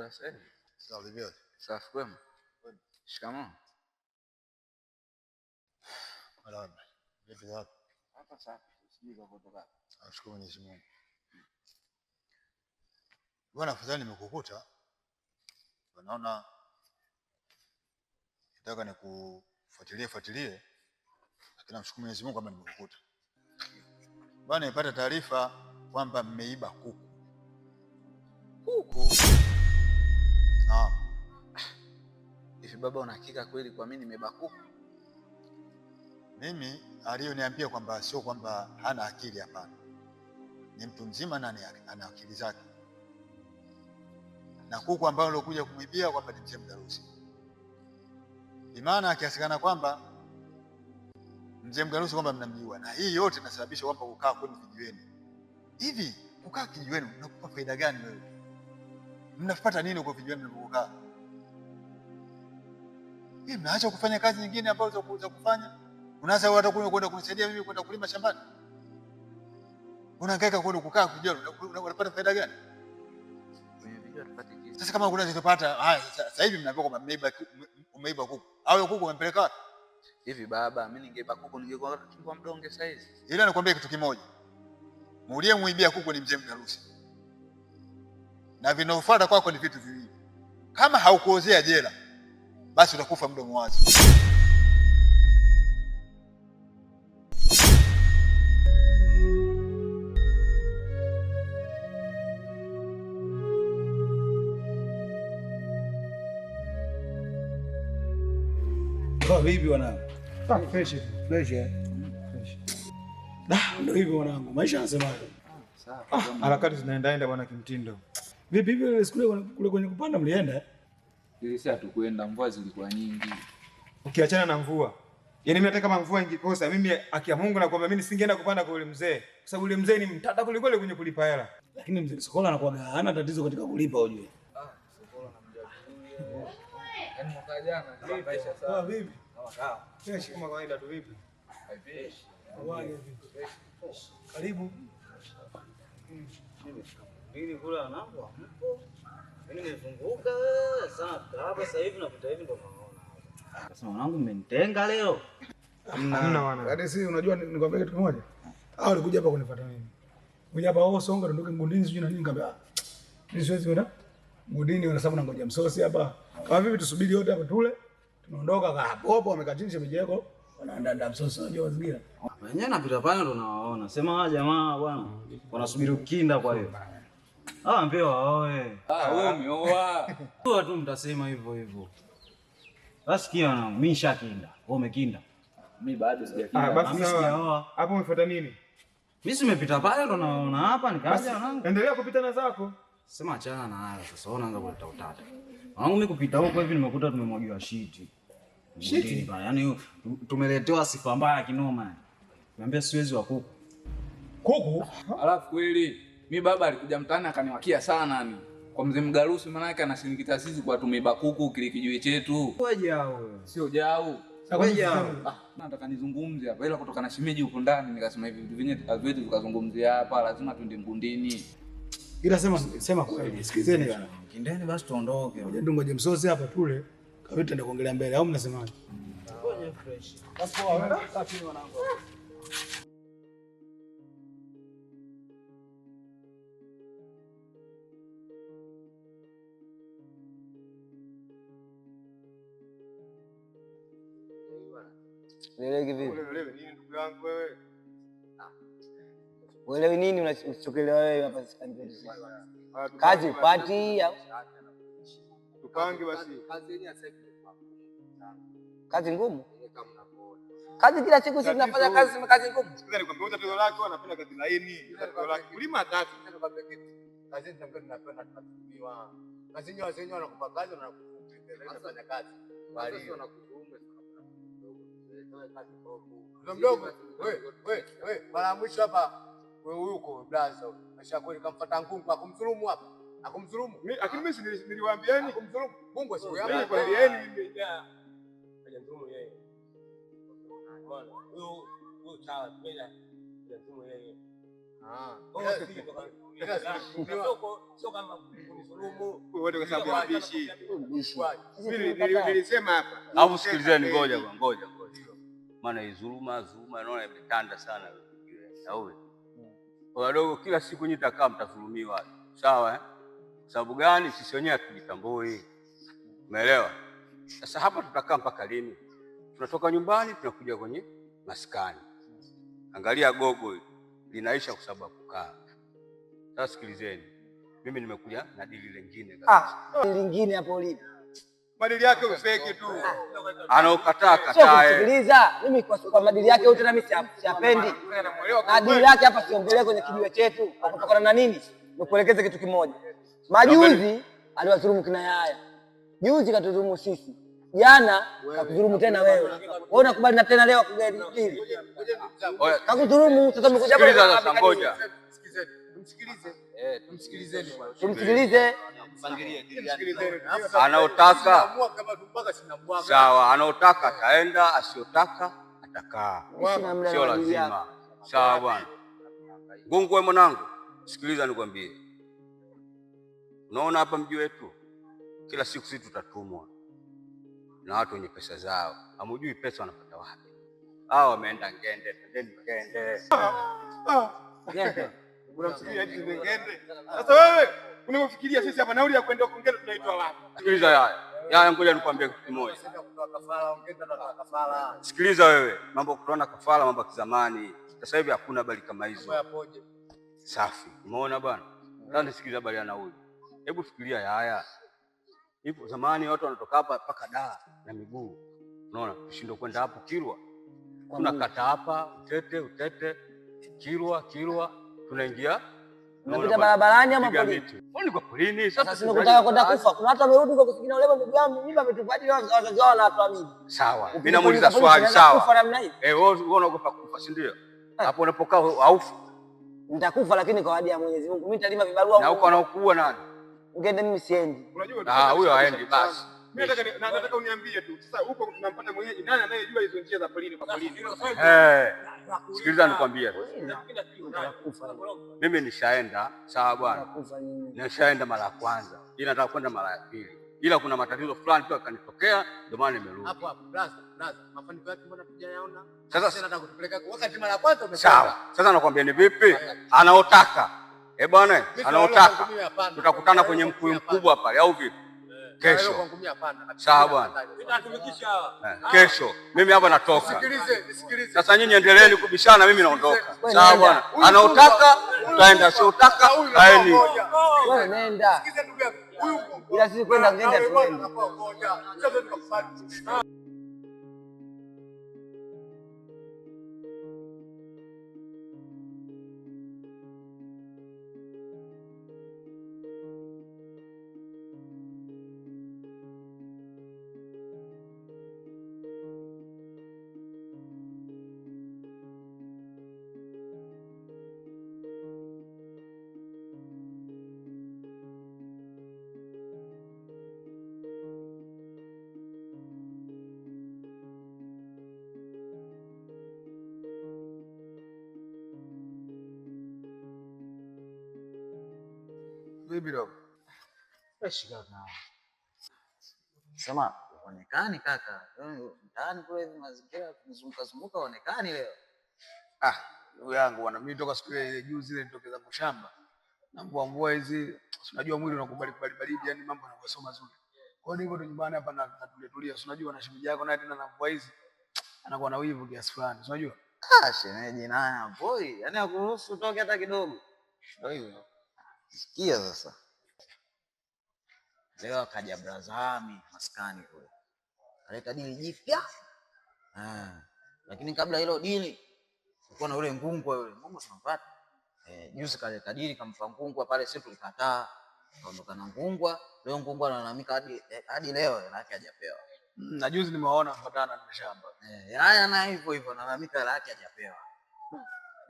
Mambo ya sasa Safi kwema. Shikamoo. Nashukuru Mwenyezi Mungu. Bwana, afadhali nimekukuta. Naona nataka nikufuatilie fuatilie, lakini namshukuru Mwenyezi Mungu kama nimekukuta. Bwana, nimepata taarifa kwamba mmeiba kuku. Kuku. baba, una kweli kwa mimi nimebakuka? Mimi aliyoniambia kwamba sio kwamba hana akili, hapana, ni mtu mzima na ana akili zake, na kuku ambao alokuja kumwibia kwamba ni mzee Mgarusi. Imaana akiasikana kwamba mzee Mgarusi kwamba mnamjua, na hii yote inasababisha kwamba kukaa kwenu kijiweni. Hivi kukaa kijiweni unakupa faida gani wewe? Mnapata nini uko kijiweni mnapokaa? Hivi mnaacha kufanya kazi nyingine ambazo za kufanya? Unaanza hata kunywa kwenda kunisaidia mimi kwenda kulima shambani. Unahangaika kwenda kukaa kujua unapata faida gani? Sasa kama kuna zitopata, haya sasa hivi mnaambia kwamba mmeiba umeiba kuku. Hao kuku umempeleka wapi? Hivi baba, mimi ningeiba kuku ningekuwa kwa mdonge sasa Ila nakwambia kitu kimoja. Muulie muibia kuku ni mzee mgarusi. Na vinofuata kwako ni vitu viwili. Kama haukuozea jela, basi utakufa mdomo wazi. Vipi wanangu? Ah, fresh, fresh. Eh. Ndio hivyo wanangu, maisha yanasemaje? Ah, sawa. Ah, harakati zinaendaenda bwana kimtindo. Vipi hivi, siku ile kule kwenye kupanda mlienda? Eh? Sisi hatukwenda, mvua zilikuwa nyingi. Ukiachana na mvua, yaani mimi hata kama mvua ingekosa mimi akia Mungu na kwamba mimi nisingeenda kupanda kwa yule mzee, kwa sababu yule mzee ni mtata kuliko yule kwenye kulipa hela. Lakini mzee Sokola anakuwa hana tatizo katika kulipa, ujue. Ah, Sokola anamjadili. Yaani mwaka jana nilipaisha sana. Vipi? Kesho kama kawaida tu vipi? Haipeshi. vipi? Karibu. Nini kula nako? Mimi nimefunguka sana hapa sasa hivi nakuta hivi ndo naona. Sasa mwanangu mmenitenga leo. Hamna wana. Hadi yaani si unajua nikwambia kitu kimoja. Hao walikuja hapa kunifuata mimi. Kuja hapa wao songa ndoke mgundini sijui na nini nikamwambia. Ah, mimi siwezi kwenda. Mgundini wana sababu nangoja msosi hapa. Kama vipi tusubiri wote hapa tule. Tunaondoka kwa hapo hapo wamekaa chini shemejeko. Wanaandaa msosi unajua mazingira. Wenyewe napita pale ndo nawaona. Sema jamaa bwana. Wanasubiri ukinda kwa hiyo. Ah, ambiwa oe. Ah, umi ah, ah. umeoa. Kwa tu mtasema hivyo hivyo. Basi ah, kia na mimi nishakinda. Wewe umekinda. Mimi bado sijakinda. Ah, basi sawa. Hapo umefuata nini? Mimi simepita pale ndo naona hapa nikaja wanangu. Endelea kupita na zako. Sema achana na hayo sasa, ona anga kuleta utata. Wanangu mimi kupita huko hivi nimekuta tumemwagiwa shiti. Shiti bana, yani tumeletewa sifa mbaya kinoma. Niambia siwezi wa kuku. Kuku? Alafu kweli mi baba alikuja mtaani akaniwakia sana ni kwa mzee Mgarusi, maanake anasindikiza sisi kwa tumeba kuku kile kijiwe chetu. Sio jau ah, nataka nizungumze hapa, ila kutoka na shimeji huko ndani nikasema hivi vitu vyenye vyetu vikazungumzia hapa, lazima tuende Mgundini. Ila sema sema kweli, sikizeni bwana, kindeni basi tuondoke, ngoja ngoje msosi hapa tule kawita, ndio kuongelea mbele au mnasemaje? Ngoja fresh basi, wanangu Ueleweke vipi? Uelewe nini unachokelewa wewe hapa sisi? Kazi upati au? Tupange basi. Kazi yenyewe sasa kazi ngumu. Kazi kila siku sisi tunafanya kazi sema kazi ngumu. Sikiliza nikwambia wewe tatizo lako anapenda kazi laini, tatizo lako. Kulima tatu Kazi tunapenda tunapenda tunatumiwa. Kazi yenyewe wazee wanakupa kazi na wanakupa kazi. Bali wanakupa mdogo mara mwisho hapa huko blaza maisha kweli, kamfuata Ngungu akumdhulumu hapa, akumdhulumu lakini mimi niliwaambieni akumdhulumu Mungu asiwaambieni eh. ah. nilisema hapa. Au sikilizeni, ngoja ngoja ngoja maana izuluma zuluma, naona imetanda sana sawa. Mm. Kwa wadogo kila siku nyinyi takaa mtadhulumiwa. Sawa eh? Sababu gani sisi wenyewe hatujitambui. Umeelewa? Sasa hapa tutakaa mpaka lini? Tunatoka nyumbani tunakuja kwenye maskani. Angalia gogo linaisha kwa sababu kukaa. Sasa sikilizeni. Mimi nimekuja na dili lingine kabisa. Ah, lingine hapo lipi? madili yake ufeki tu ah. anaokataa kataa. Sikiliza mimi kwa madili yake yote nami siapendi. Madili yake hapa siongelee kwenye kijiwe chetu kwa kutokana na nini? Nikuelekeze kitu kimoja. Majuzi aliwadhulumu kina Yaya, juzi katudhulumu sisi, jana kakudhulumu tena wewe. Wewe unakubali na tena leo akugari pili kakudhulumu. Sasa mekuja, sikiliza sasa, ngoja msikilize Eh, Tumsikilize anaotaka, sawa. Anaotaka ataenda, asiyotaka atakaa, sio lazima. Sawa bwana Gungu, mwanangu, sikiliza nikwambie. Unaona hapa mji wetu kila siku sisi tutatumwa na watu wenye pesa zao. Hamujui pesa wanapata wapi? Hao wameenda ngende, pendeni ah, ah. ngende unafikiria hizi zingende. Sasa wewe sisi hapa nauli ya kwenda tunaitwa wapi? Sikiliza ngoja nikwambie kitu kimoja. Sikiliza wewe, mambo kutoana kafara, mambo ya kizamani. Sasa hivi hakuna habari kama hizo. Safi, umeona bwana. Sasa nisikiliza habari ya nauli, hebu fikiria yaya. Ipo zamani watu wanatoka hapa mpaka Dar na miguu, unaona, kushindwa kwenda hapo Kilwa, kata hapa Utete, Utete, Kilwa, Kilwa tunaingia Unapita barabarani ama polini. kwa polini sasa, si sikutaka kwenda kufa. Kuna hata amerudi kwa kusikina ulema, ndugu yangu mimba ametupa ajili wazazi wao na watu wa Sawa, mimi namuuliza swali sawa. Kufa namna hii eh, wewe unaogopa kufa, si ndio? Eh. Hapo unapokaa haufu, nitakufa lakini kwa ahadi ya Mwenyezi Mungu mimi nitalima vibarua. Na huko anaokuua nani? Ungeenda mimi siendi. Unajua? Ah, huyo haendi basi. Mimi nataka nataka uniambie tu sasa, huko tunampata mwenyeji nani anayejua hizo njia za polini kwa polini? Eh. Sikiliza nikwambie, mimi nishaenda sawa bwana, nishaenda mara ya kwanza, ila nataka kwenda mara ya pili, ila kuna matatizo fulani tu yakanitokea, ndio maana nimerudi hapo hapo. Sawa, sasa nakwambia ni vipi anaotaka, eh bwana, anaotaka tutakutana kwenye mkuyu mkubwa pale, au vipi? kesho. Sawa bwana, eh, kesho mimi hapa natoka. Sasa nyinyi endeleeni kubishana, mimi naondoka. Sawa bwana, anaotaka utaenda, sio utaka aeni nenda Bidogo sema uonekani kaka, mtaani kule hivi mazingira kuzunguka zunguka, uonekani leo. Ah, ndugu yangu bwana, mimi toka siku ile juu zile nitoke zangu shamba na mvua mvua hizi, unajua mwili unakubali kubali baridi, yani mambo yanakuwa sio mazuri. Kwa hiyo niko nyumbani hapa na natulia, unajua na shemeji yako naye tena na mvua hizi anakuwa na wivu kiasi fulani, unajua ah, shemeji naye hapoi, yani akuruhusu toke hata kidogo, ndio hivyo Sikia sasa, leo akaja Brazami maskani kule kaleta dili jipya ah. Lakini kabla hilo dili kulikuwa na yule ngungwa yule ngungwa tunampata eh, juzi kaleta dili kampa ngungwa pale, sisi tulikataa, kaondoka na ngungwa. Leo ngungwa analalamika hadi eh, hadi leo hela yake hajapewa. Mm, na juzi nimewaona mfatana na shamba eh, haya na hivyo hivyo analalamika hela yake hajapewa.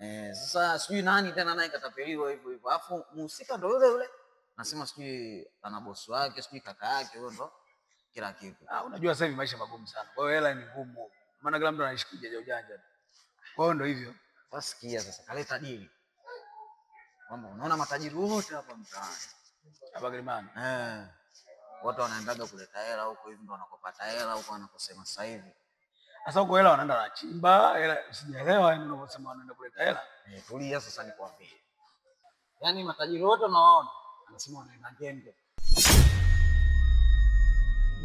Eh, sasa sijui nani tena naye katapeliwa hivyo hivyo. Alafu muhusika ndo yule yule. Nasema sijui ana bosi wake, sijui kaka yake, huyo ndo kila kitu. Ah, unajua sasa hivi maisha magumu sana. Kwa hiyo hela ni ngumu. Maana kila mtu anaishi kujaja ujanja. Kwa hiyo ndo hivyo. Sasa sikia sasa kaleta dili. Kwamba unaona matajiri wote hapa mtaani. Hapa Kilimani. Eh. Watu wanaendaga kuleta hela huko hivi ndo wanakopata hela huko wanakosema sasa hivi. Sasa huko hela wanaenda wanachimba hela, sijaelewa yani unavyosema wanaenda kuleta hela. Eh, tulia sasa nikwambie. Yaani matajiri wote unawaona anasema wanaenda ngenge.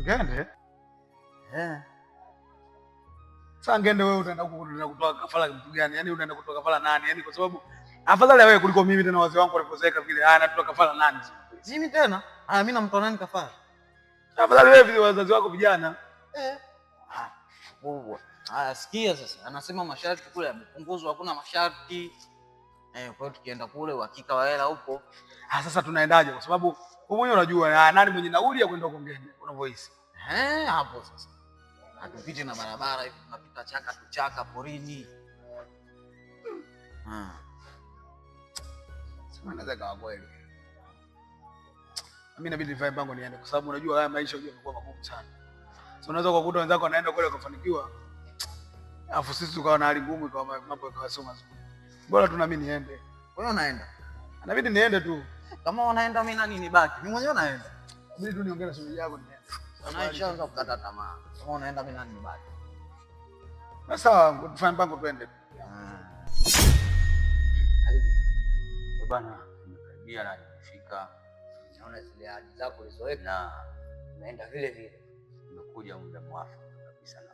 Ngende? Eh. Sasa ngende wewe utaenda huko unaenda kutoa kafara kitu gani? Yaani unaenda kutoa kafara nani? Yaani kwa sababu afadhali wewe kuliko mimi tena wazee wangu walipozeeka vile. Ah, natoa kafara nani? Mimi tena? Ah, mimi namtoa nani kafara? Afadhali wewe vile wazazi wako vijana. Eh kubwa. Haya, sikia sasa, anasema masharti kule yamepunguzwa, hakuna masharti eh. Kwa hiyo tukienda kule uhakika wa hela upo. Ah, sasa tunaendaje? Kwa sababu wewe mwenyewe unajua ah, nani mwenye nauli ya kwenda kongeni, unavyohisi eh. Hapo sasa hatupiti na barabara hivi, tunapita chaka tu chaka porini. Hmm. Ah. Sasa kawa kweli mimi nabidi nivae bango niende, kwa sababu unajua haya maisha unajua yamekuwa magumu sana. So unaweza kukuta wenzako wanaenda kule akafanikiwa, afu sisi tukawa na hali ngumu, ikawa mambo yakawa sio mazuri. Bora tu nami niende. Wewe unaenda. Inabidi niende tu. Kama unaenda mimi nani nibaki? Mimi mwenyewe naenda. Inabidi tu niongee na shughuli yako niende. Unaanza kukata tamaa. Kama unaenda mimi nani nibaki? Na sawa, tufanye mpango twende. Ah. Eh, bana, nimekaribia na nimefika. Naona zile ahadi zako ulizoweka na naenda vile vile umekuja muda mwafaka kabisa. na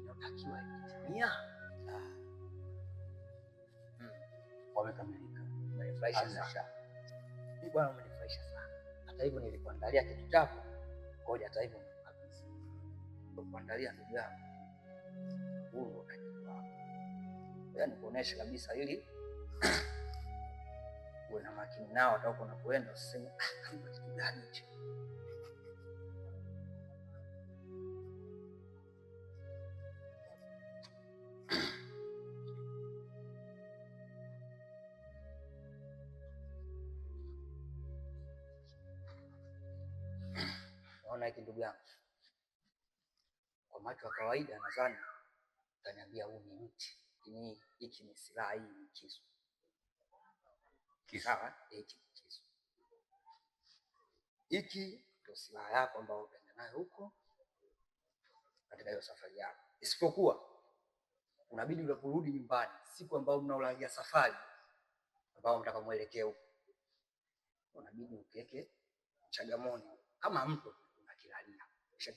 Inayotakiwa imetimia, ah. hmm. wamekamilika. Bwana, umenifurahisha sana. Hata hivyo nilikuandalia kitu chako Ngoja hata hivyo kabisa kuandalia ndugu yangu huu ndio utakiwa, yaani kuonesha kabisa ili uwe na makini nao, hata uko unapoenda usiseme ah, kitu gani hicho. hiki ndugu yangu, kwa macho ya kawaida nadhani utaniambia huu ni mti, lakini hiki ni silaha, hii ni kisu kisawa hiki kisu. Hiki ndio silaha yako ambayo unaenda nayo huko katika hiyo safari yako, isipokuwa unabidi kurudi nyumbani siku ambayo mnaulalia safari ambayo mtaka mwelekea huko, unabidi upeke Changamoni kama mtu unakilalia, kisha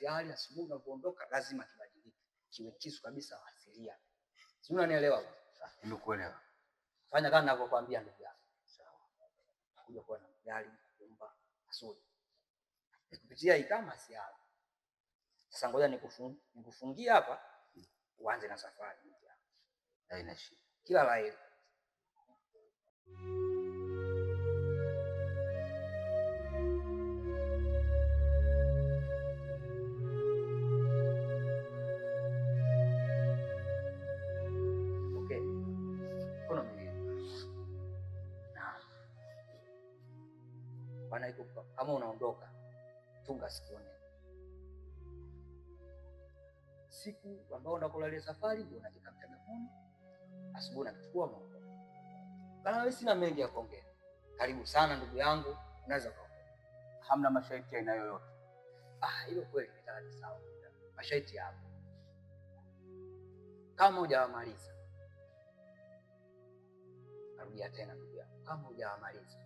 tayari. Asubuhi unapoondoka lazima kibadilike kiwe kisu kabisa asilia, si unanielewa? Nimekuelewa. Fanya kama ninavyokuambia ndugu kuja kuwa na mjali kumpa asuli kupitia ikama siala. Sasa ngoja nikufungie nikufungia hapa, uanze na safari, haina shida, kila la heri. kama unaondoka, tunga sikio Siku ambao unakolalia safari unaweka mtandaoni, asubuhi unachukua maombi. Kana wewe sina mengi ya kuongea. Karibu sana ndugu yangu, unaweza kuongea. Hamna masharti aina yoyote. Ah, hilo kweli ni taratibu sawa. Masharti hapo. Kama hujawamaliza. Narudia tena ndugu yangu, kama hujawamaliza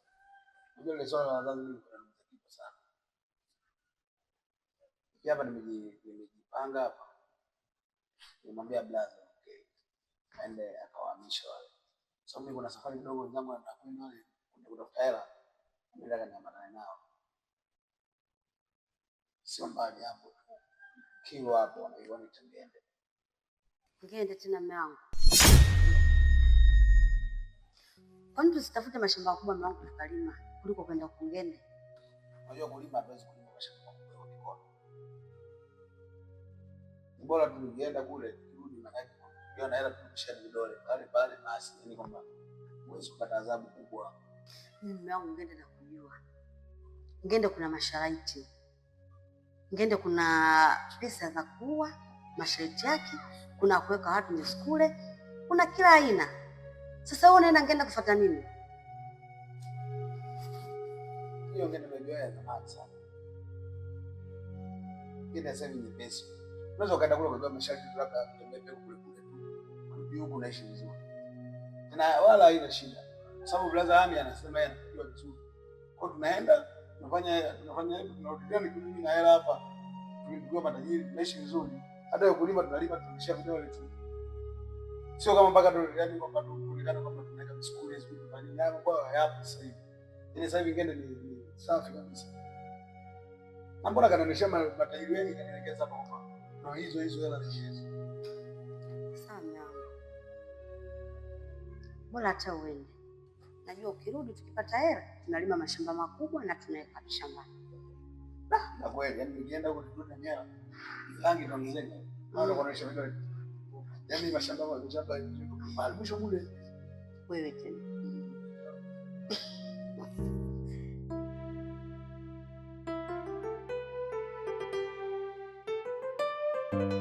Unajua ile swala la wazazi mimi niko nalumiza kichwa sana. hapa nimejipanga hapa. Nimwambia blaza okay. Aende akawahamisha wale. So mimi kuna safari kidogo wenzangu wanataka kwenda wale kutafuta hela. Nataka niambatane nao. Sio mbali hapo. Kiwa hapo wanaiona nitaende. Ngende tena mume wangu. Kwani tusitafute mashamba makubwa mlangu tukalima? kuliko kwenda kungende. Unajua kulima hatuwezi kulima mashamba kwa mikono. Ni bora tu ungeenda kule kurudi manake Ndio na hela tukisha vidole pale pale basi yani kwamba huwezi kupata adhabu kubwa. Mimi mume wangu ngende na kujua. Ngende kuna masharti. Ngende kuna pesa za kuwa masharti yake, kuna kuweka watu ni skule, kuna kila aina. Sasa wewe unaenda ngende kufuata nini? ukiongea neno ya zamani sana. Ile sasa ni pesa. Unaweza ukaenda kule kwa masharti labda kutembea kule kule tu. Huko unaishi vizuri. Na wala haina shida. Sababu brother Ami anasema yeye anajua vizuri. Kwa tunaenda tunafanya tunafanya hivi tunarudia ni kumi na hela hapa. Tunakuwa matajiri, tunaishi vizuri. Hata hiyo kulima tunalipa tunashia vidole tu. Sio kama mpaka ndo yani kwa sababu kuonekana kwamba tunaweka msukule sio kwa nini yako kwa hapo sasa hivi. Ile yaani sasa hivi ngende ni Safi kabisa. Na mbona kanaonesha matairi wengi kanielekeza hapa. Ndio hizo hizo hela zishizo. Sana. Mbona hata uende? Najua ukirudi tukipata hela tunalima mashamba makubwa na tunaweka shambani. Ah, na kweli yani nikienda huko tunaona nyara. Rangi ndo mzee. Naona kanaonesha mm. mimi. Yaani mashamba mashamba mwisho kule. Wewe tena. Kwa hiyo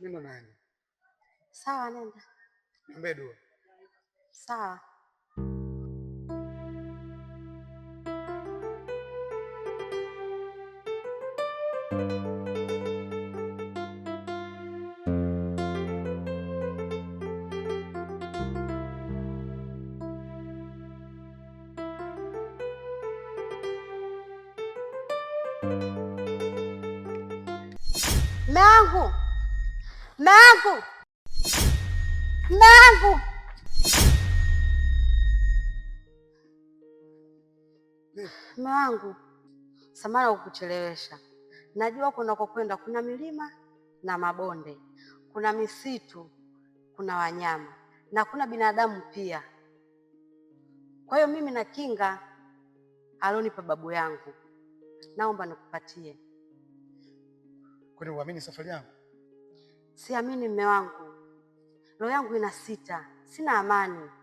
mimi ndo nani? Sawa, nenda. Niambie dua. está? Mago! Mago! Mago! mume wangu, samahani kukuchelewesha, najua kunakokwenda kuna milima na mabonde, kuna misitu, kuna wanyama na kuna binadamu pia. Kwa hiyo mimi na kinga alionipa babu yangu, naomba nikupatie. Kwani uamini safari yangu? Siamini mme wangu, roho yangu ina sita, sina amani.